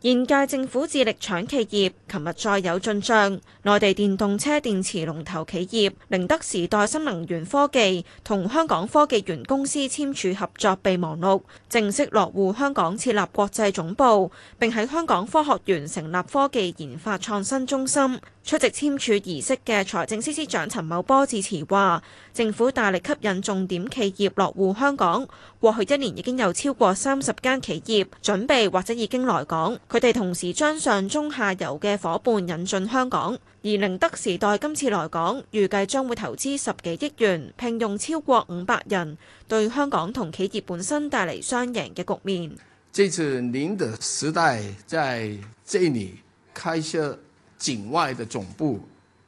現屆政府致力搶企業，琴日再有進賬。內地電動車電池龍頭企業寧德時代新能源科技同香港科技園公司簽署合作備忘錄，正式落戶香港設立國際總部，並喺香港科學園成立科技研發創新中心。出席簽署儀式嘅財政司司長陳茂波致辭話，政府大力吸引重點企業落戶香港，過去一年已經有超過三十間企業準備或者已經來港。佢哋同時將上中下游嘅伙伴引進香港，而寧德時代今次來港，預計將會投資十幾億元，聘用超過五百人，對香港同企業本身帶嚟雙贏嘅局面。這次寧德時代在這裏開設境外嘅總部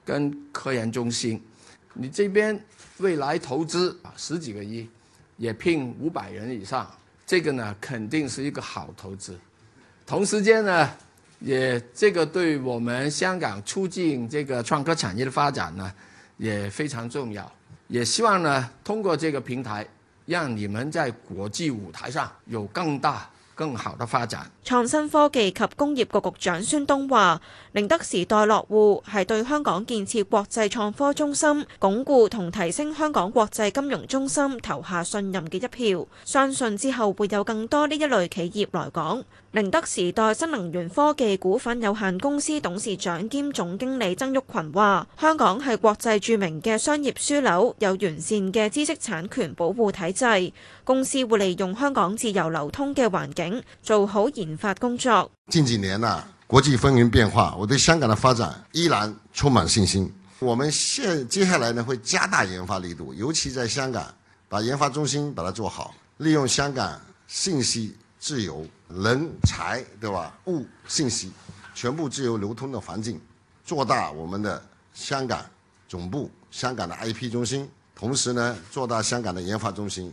跟科研中心，你這邊未來投資啊十幾個億，也聘五百人以上，這個呢肯定是一個好投資。同時間呢，也這個對我們香港促進這個創科產業的發展呢，也非常重要。也希望呢，通過這個平台，讓你們在國際舞台上有更大。更好得發展。創新科技及工業局局長孫東話，寧德時代落戶係對香港建設國際創科中心、鞏固同提升香港國際金融中心投下信任嘅一票。相信之後會有更多呢一類企業來港。寧德時代新能源科技股份有限公司董事長兼總經理曾毓群話，香港係國際著名嘅商業樞紐，有完善嘅知識產權保護體制，公司會利用香港自由流通嘅環境。做好研發工作。近幾年呢、啊，國際風雲變化，我對香港的發展依然充滿信心。我們現接下來呢，會加大研發力度，尤其在香港，把研發中心把它做好，利用香港信息自由、人、財，對吧、物信息全部自由流通的環境，做大我們的香港總部、香港的 IP 中心，同時呢，做大香港的研發中心。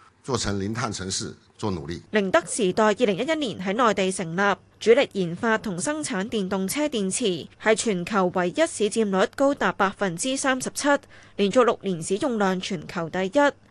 做成零碳城市，做努力。寧德時代二零一一年喺內地成立，主力研發同生產電動車電池，係全球唯一市占率高達百分之三十七，連續六年使用量全球第一。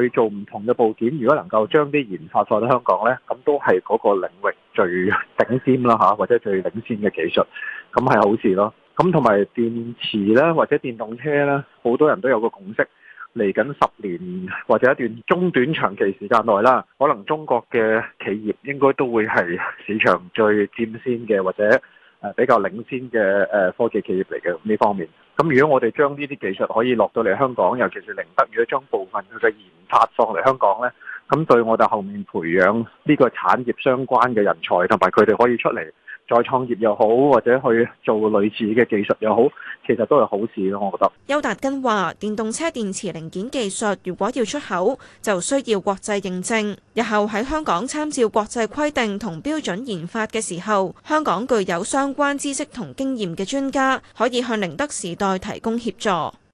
去做唔同嘅部件，如果能夠將啲研發放到香港呢，咁都係嗰個領域最頂尖啦吓，或者最領先嘅技術，咁係好事咯。咁同埋電池咧，或者電動車咧，好多人都有個共識，嚟緊十年或者一段中短長期時間內啦，可能中國嘅企業應該都會係市場最佔先嘅或者。誒比較領先嘅，誒科技企業嚟嘅呢方面，咁如果我哋將呢啲技術可以落到嚟香港，尤其是寧德與將部分佢嘅研發放嚟香港咧，咁對我哋後面培養呢個產業相關嘅人才，同埋佢哋可以出嚟。再創業又好，或者去做類似嘅技術又好，其實都係好事咯。我覺得。邱達根話：電動車電池零件技術，如果要出口，就需要國際認證。日後喺香港參照國際規定同標準研發嘅時候，香港具有相關知識同經驗嘅專家，可以向寧德時代提供協助。